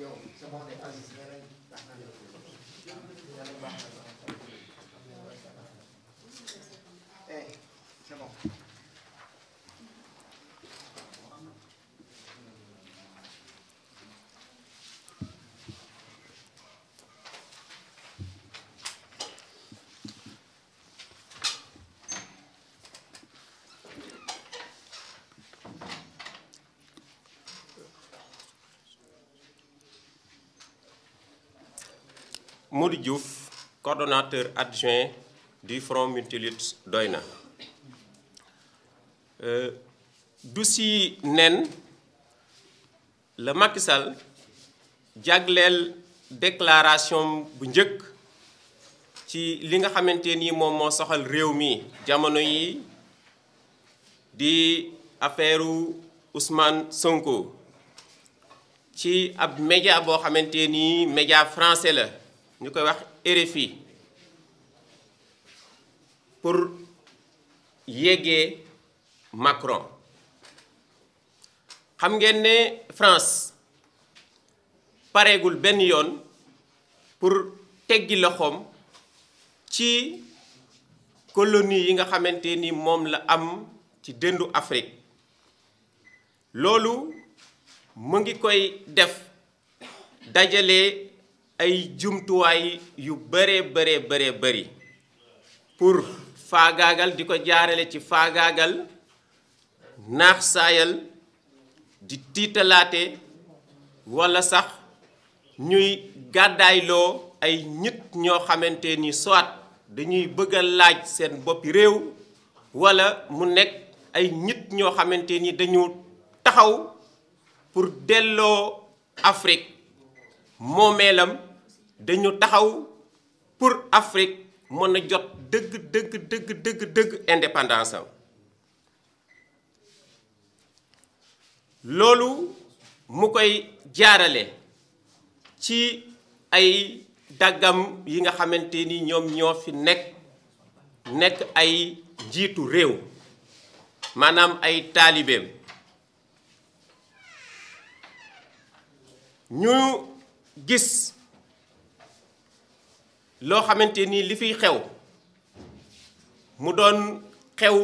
yow sama ne Aziz nee nañ tax na yow yàlla baax na eh c'est bon Modou Diouf cordonateur adjoint du front Multilutte doy na euh, du si nen la Macky Sall jagleel déclaration bu njëkk ci li nga xamante ni moom moo soxal réew mi jamono yi di affaire Ousmane Sonko ci ab média boo xamante ni média français la ñu koy wax RFI pour yéegee Macron xam ngeen ne France pareegul benn yoon pour teggi loxoom ci colonie yi nga xamante ni moom la am ci dëndu Afrique loolu mu ngi koy def dajale ay jumtuwaay yu bare bëree bëree bëri pour faagaagal di ko jaarale ci faagaagal naax saayal di tiitalaate walla sax ñuy gàddaayloo ay nit ñoo xamante ni soit dañuy bëgg a laaj seen boppi réew walla mu nekk ay nit ñoo xamante ni dañu taxaw pour delloo Afrique moomeelam dañu taxaw pour Afrique mën a jot dëgg dëgg dëgg dëgg dëgg loolu mu koy jaarale ci ay dàggam yi nga xamante ni ñoom ñoo fi nekk nekk ay njiitu réew maanaam ay taalibeem ñu gis loo xamante nii li fiy xew mu doon xew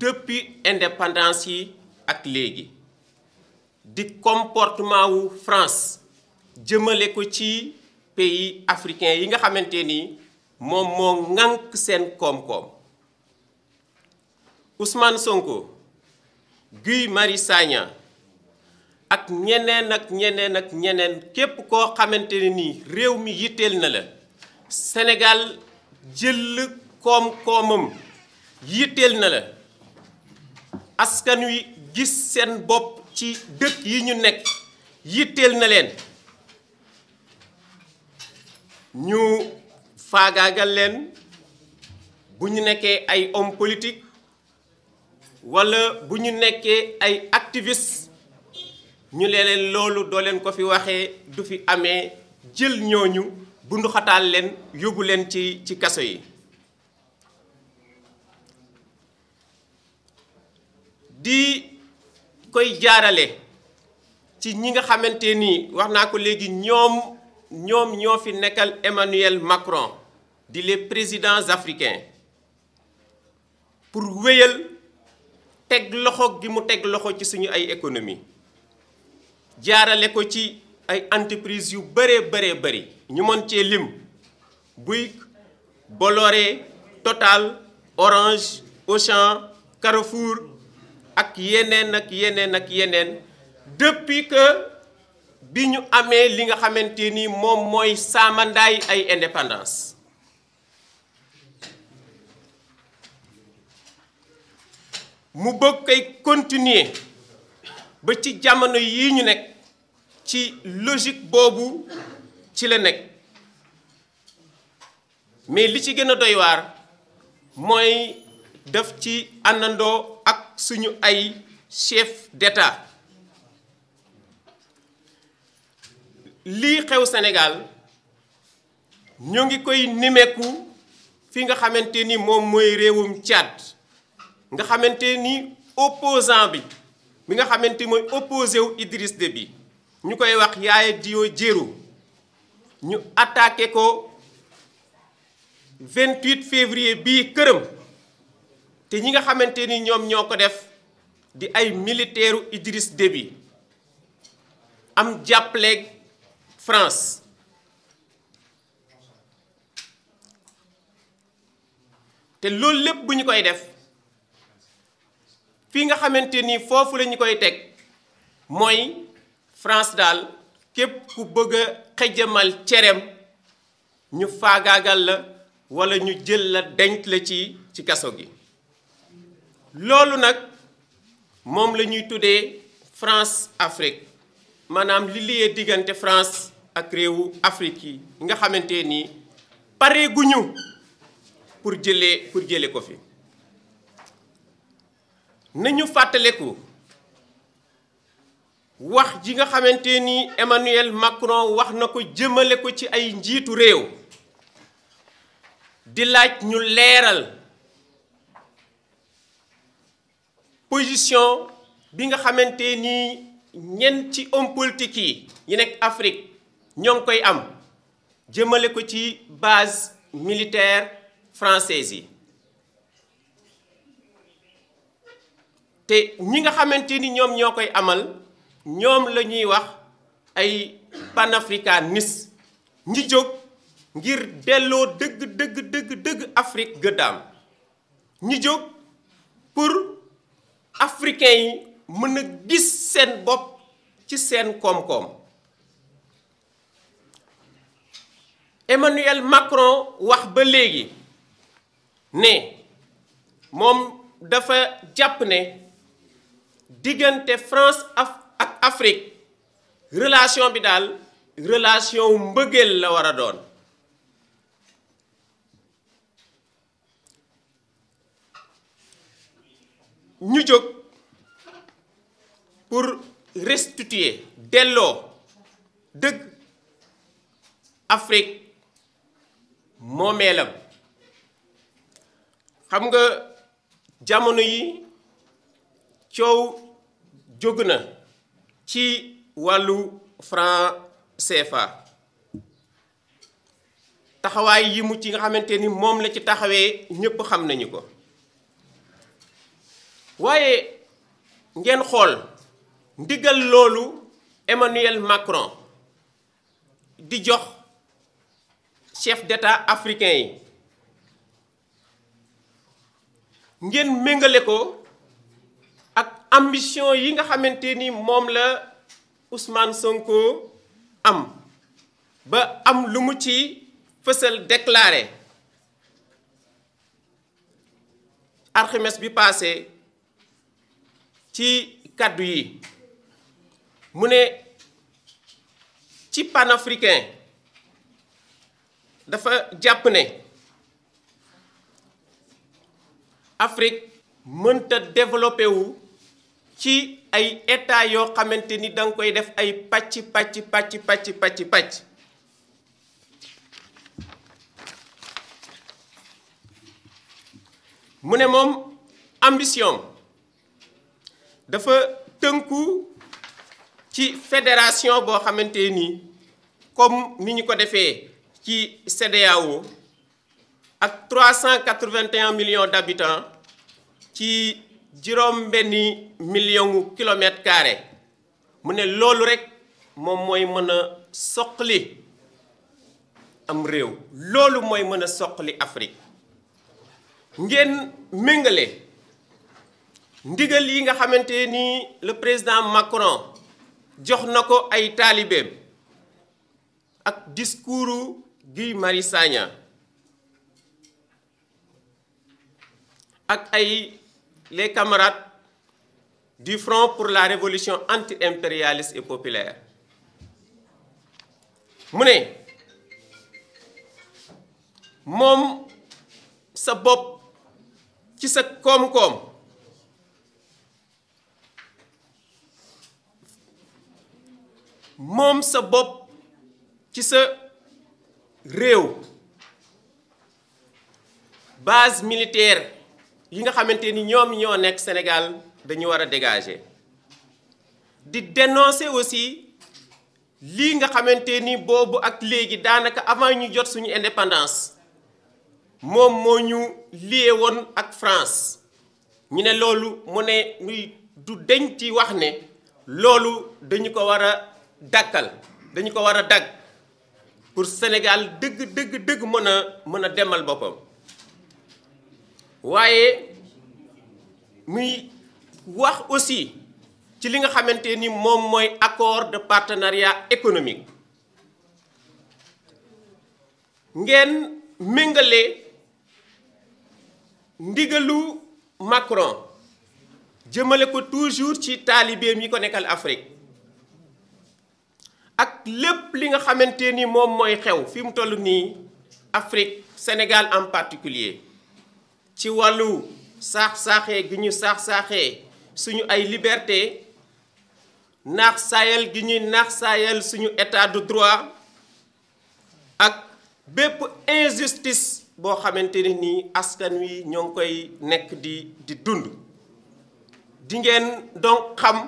dëppi indépendance yi ak léegi di comportement wu France jëmale ko ci pays africain yi nga xamante ni moom moo ŋànk seen koom-koom Ousmane Sonko Guy Marius Sagna ak ñeneen ak ñeneen ak ñeneen képp koo xamante ne nii réew mi yitteel na la senegal jël koom-koomam yitteel na la askan wi gis seen bopp ci dëkk yi ñu nekk yitteel na leen ñu faagaagal leen bu ñu nekkee ay homme politique wala bu ñu nekkee ay activiste ñu leen loolu doo leen ko fi waxee du fi amee jël ñooñu bunduxataal leen yóbbu leen ci ci kaso yi di koy jaarale ci ñi nga xamante ni wax naa ko léegi ñoom ñoom ñoo fi nekkal Emmanuel Macron di les présidents africains pour wéyal teg loxo gi mu teg loxo ci suñu ay économie jaarale ko ci ay entreprise yu bëree bëree bëri ñu mën cee lim buy Bolloré Total Orange Auchan Carrefour ak yeneen ak yeneen ak yeneen depuis que bi ñu amee li nga xamante ni moom mooy saamandaay ay indépendance mu bëgg koy continuer ba ci jamono yii ñu ne ci logique boobu ci la nekk mais li ci gën a doy waar mooy def ci àndandoo ak suñu ay chef d'État lii xew senegal ñu ngi koy nimeeku fi nga xamante ni moom mooy réewum Tchad nga xamante ni opposant bi mi nga xamante mooy opposé wu de bi ñu koy wax Yaya Dio Diéro ñu attaqué ko 28 février bii këram te ñi nga xamante ni ñoom ñoo ko def di ay militaire Idriss Déby am jàppaleeg France te loolu lépp bu ñu koy def fii nga xamante ni foofu la ñu koy teg mooy France daal képp ku bëgg a xëjamal cereem ñu faagaagal la wala ñu jël la denc la ci ci kaso gi loolu nag moom lañuy tuddee France Afrique maanaam li liyee diggante France ak réewu Afrique yi nga xamante ni pare guñu pour jëlee pour jële ko fi nañu fàttaleku wax ji nga xamante ni Emmanuel Macron wax na ko jëmmale ko ci ay njiitu réew di laaj ñu leeral position bi nga xamante ni ñenn ci homme politique yi yi nekk Afrique ñoo ngi koy am jëmale ko ci base militaire française yi te ñi nga xamante ni ñoom ñoo koy amal ñoom lañuy wax ay panafricanistes ñi jóg ngir delloo dëgg dëgg dëgg dëgg Afrique gëddaam ñi jóg pour africains yi mën a gis seen bopp ci seen koom-koom Emmanuel Macron wax ba léegi ne moom dafa jàpp ne diggante France Afrique relation bi daal relation mbëggeel la war a doon ñu jóg pour restituer delloo dëgg Afrique moomeelam xam nga jamono yi coow jóg na ci wàllu franc CFA taxawaay yimu ci nga xamante ni moom la ci taxawee ñépp xam nañu ko waaye ngeen xool ndigal loolu Emmanuel Macron di jox chef d'État africain yi ngeen méngale ko ambition yi nga xamante ni moom la Ousmane Sonko am ba am lu mu ci fësal déclaré alxames bi passé ci kàddu yi mu ne ci panafricain dafa jàpp ne Afrique mënta développé wu ci ay état yoo xamante ni danga koy def ay pacc pacc pàcc pàcc pacc pacc mu ne moom ambition dafa tënku ci fédération boo xamante ni comme ni ñu ko defee ci CEDEAO ak 381 millions d'habitants ci juróom benni million kilomètre carré mu ne loolu rek moom mooy mën a soqali am réew loolu mooy mën a soqali Afrique ngeen méngale ndigal yi nga xamante ni le président Macron jox na ko ay taalibeem ak diskuuru Guy Marius Sagna ak ay les camarades du Front pour la révolution anti-impérialiste et populaire mu ne moom sa bopp ci sa koom-koom moom sa bopp ci sa réew base militaire yi nga xamante ni ñoom ñoo nekk Sénégal dañu war a dégager di dénoncer aussi lii nga xamante ni boobu ak léegi daanaka avant ñu jot suñu indépendance moom moo ñu lié woon ak France ñu ne loolu mu ne muy du deñ ci wax ne loolu dañu ko war a dàkkal dañu ko war a dagg pour Sénégal dëgg dëgg dëgg mën a mën a demal boppam waaye muy wax aussi ci li nga xamante ni moom mooy accord de partenariat économique ngeen méngale ndigalu Macron jëmale ko toujours ci taalibeem yi ko nekkal Afrique ak lépp li nga xamante ni moom mooy xew fi mu toll nii Afrique Sénégal en particulier ci wàllu saax-saaxee gi ñu saax-saaxee suñu ay liberté naax saayal gi ñuy naax saayal suñu état de droit ak bépp injustice boo xamante ne nii askan wi ñoo ngi koy nekk di di dund dingeen ngeen donc xam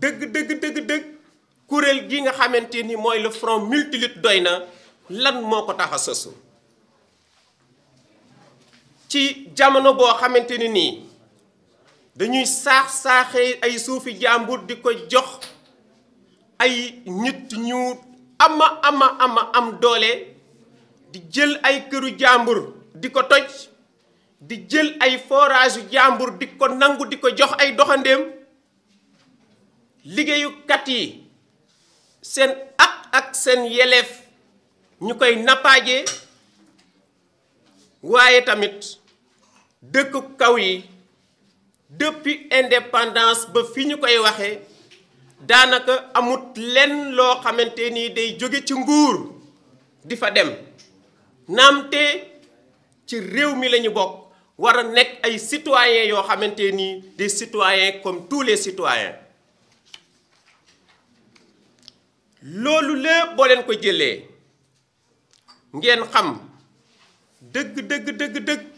dëgg dëgg dëgg dëgg kuréel gi nga xamante ni mooy le front multilutte doy na lan moo ko tax a sosu ci jamono boo xamante ni nii dañuy saax-saaxee ay suufi jàmbur di ko jox ay nit ñu ama ama ama am doole di jël ay këru jàmbur di ko toj di jël ay forage yu jàmbur di ko nangu di ko jox ay doxandeem liggéeyukat yi seen ak ak seen yeleef ñu koy nappaaje waaye tamit dëkku kaw yi depuis indépendance ba fi ñu koy waxee daanaka amut lenn loo xamante ni day jóge ci nguur di fa dem naamte ci réew mi la bokk wara nekk ay citoyens yoo xamante ni di citoyens comme tous les citoyens loolu lépp boo leen ko jëlee ngeen xam dëgg dëgg dëgg dëgg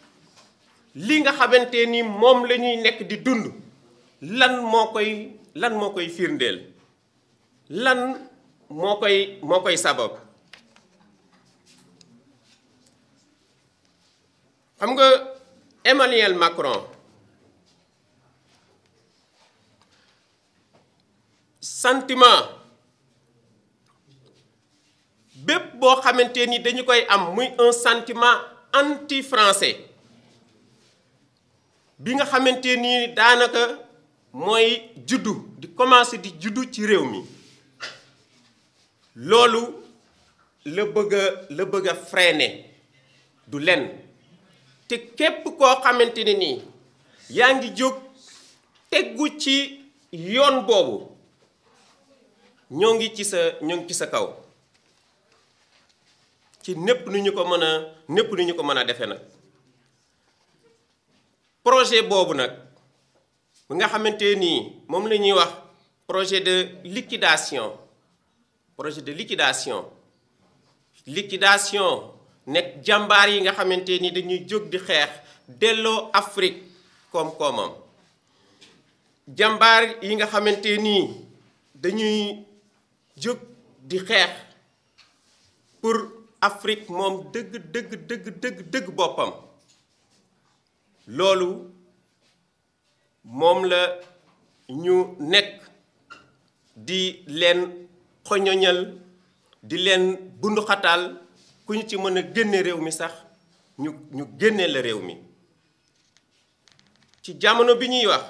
li nga xamante ni moom lañuy nekk di dund lan moo koy lan moo koy firndeel lan moo koy moo koy sabab xam nga Emmanuel Macron santiment bépp boo xamante ni dañu koy am muy un santiment anti-français bi nga xamante ni daanaka mooy juddu di commencé di juddu ci réew mi loolu la bëgg a la bëgg a du lenn te képp koo xamante ne nii yaa ngi jóg teggu ci yoon boobu ñoo ngi ci sa ñoo ngi ci sa kaw ci népp nu ñu ko mën a népp nu ñu ko mën a defe na projet boobu nag bi nga xamante nii moom la ñuy wax projet de liquidation projet de liquidation liquidation nekk jàmbaar yi nga xamante ni dañuy jóg di xeex delloo Afrique koom-koomam jàmbaar yi nga xamante nii dañuy jóg di xeex pour Afrique moom dëgg dëgg dëgg dëgg dëgg boppam loolu moom la ñu nekk di leen xoñoñal di leen bunduxataal ku ñu ci mën a génne réew mi sax ñu ñu génne la réew mi ci jamono bi ñuy wax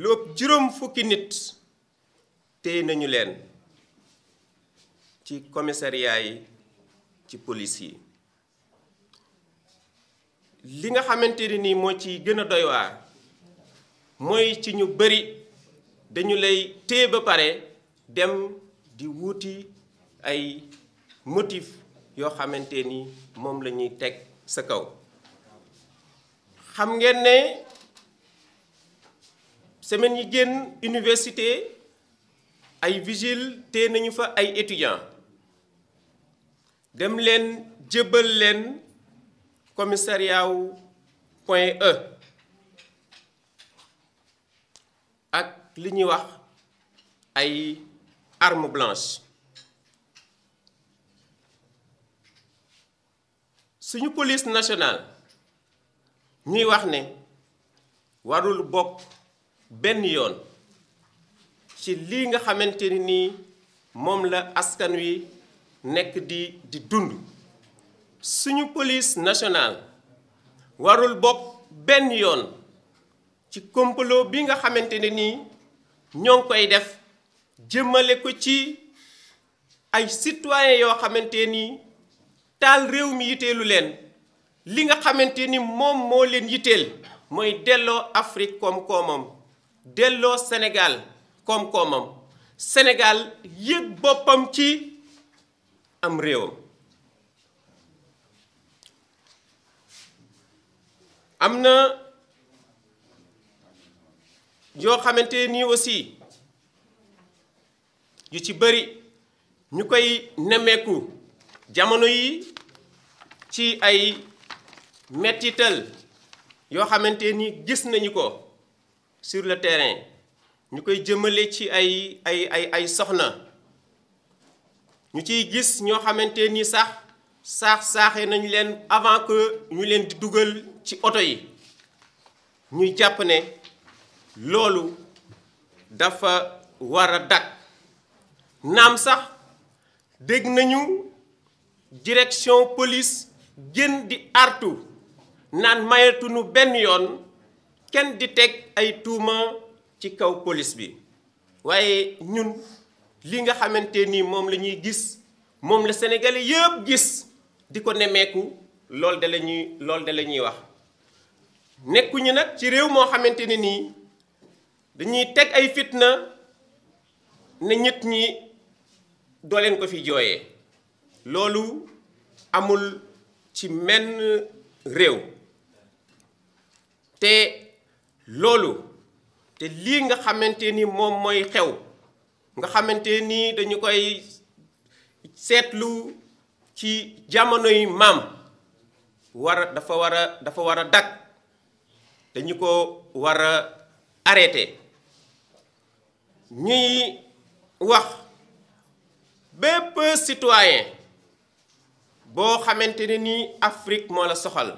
lu ëpp juróom fukki nit tey nañu leen ci commissariat yi ci polis yi li nga xamante ne nii moo ci gën a doy mooy ci ñu bëri dañu lay téye ba pare dem di wuuti ay motif yoo xamante ni moom lañuy teg sa kaw xam ngeen ne semaine yi génn université ay vigile téye nañu fa ay étudiants dem leen jébbal leen commissariat wu point E ak li ñuy wax ay arme blanche suñu police nationale ñuy wax ne warul bokk benn yoon ci lii nga xamante ni moom la askan wi nekk di di dund suñu police nationale warul bokk benn yoon ci complot bi nga xamante ne nii ñoo ngi koy def jëmmale ko ci ay citoyens yoo xamante ni taal réew mi yiteelu leen li nga xamante ni moom moo leen yitteel mooy delloo Afrique koom-koomam delloo Sénégal koom-koomam Sénégal yëg boppam ci am réewam. am na yoo xamante nii aussi yu ci bëri ñu koy nemeeku jamono yi ci ay mettital yoo xamante ni gis nañu ko sur le terrain ñu koy jëmale ci ay ay ay ay soxna ñu ciy gis ñoo xamante ni sax saax saaxe nañ leen avant que ñu leen di dugal ci oto yi ñu jàpp ne loolu dafa war a naam sax dégg nañu direction police gën di artu naan mayatunu benn yoon kenn di teg ay tuuma ci kaw polis bi waaye ñun li nga xamante ni moom lañuy gis moom la sénégalais yëpp gis di ko nemmeeku loolu da la loolu da lañuy wax nekkuñu nag ci réew moo xamante ne nii dañuy teg ay fitna ne nit ñi doo leen ko fi jooyee loolu amul ci menn réew te loolu te lii nga xamante ni moom mooy xew nga xamante nii dañu koy seetlu ci jamonoy maam war a dafa war a dafa war a dagg dañu ko war a arrêté ñuy wax bépp citoyen boo xamante ne nii Afrique moo la soxal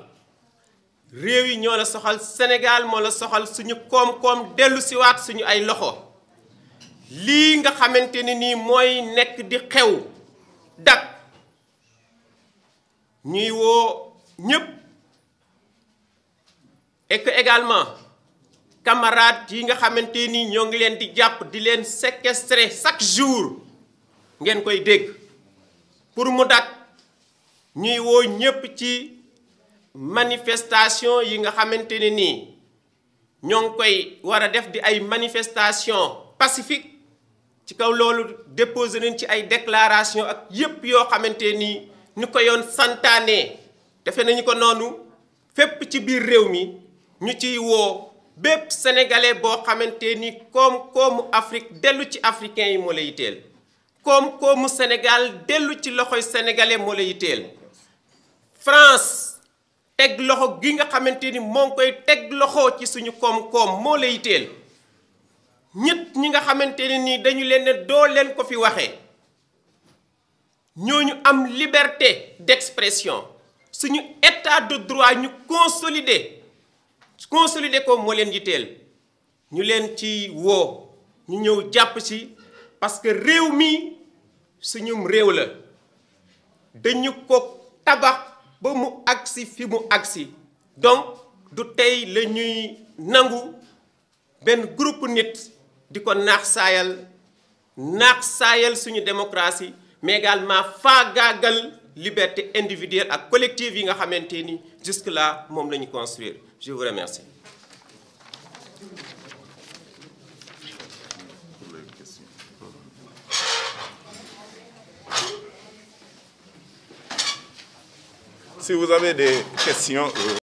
réew yi ñoo la soxal senegaal moo la soxal suñu koom-koom dellu siwaat suñu ay loxo lii nga xamante ne nii mooy nekk di xew dak ñuy woo ñëpp et que également camarades yi nga xamante ni ñoo ngi leen di jàpp di leen séquestrer chaque jour ngeen koy dégg pour mu dak ñuy woo ñëpp ci manifestation yi nga xamante ne nii ñoo ngi koy war a def di ay manifestation pacifique ci kaw loolu déposé nañ ci ay déclaration ak yëpp yoo xamante nii ñu ko yoon santaane defe nañu ko noonu fépp ci biir réew mi ñu ciy woo bépp sénégalais boo xamante ni koom-koomu Afrique dellu ci africain yi moo lay yitteel koom-koomu Sénégal dellu ci loxoy sénégalais moo lay yitteel France teg loxo gi nga xamante ni moo koy teg loxo ci suñu koom-koom moo lay yitteel ñett ñi nga xamante ne nii dañu leen ne doo leen ko fi waxee ñooñu am liberté d'expression suñu état de droit ñu consolider consolider ko moo leen yitteel ñu leen ci woo ñu ñëw jàpp ci parce que réew mi suñum réew la dañu ko tabax ba mu agsi fi mu agsi donc du tey la ñuy nangu benn groupe nit di ko naax saayal naax saayal suñu démocratie mais également faagaagal liberté individuelle ak collective yi nga xamante ni jusque là moom la ñu construire je vous remercie. Si vous avez des questions. Euh,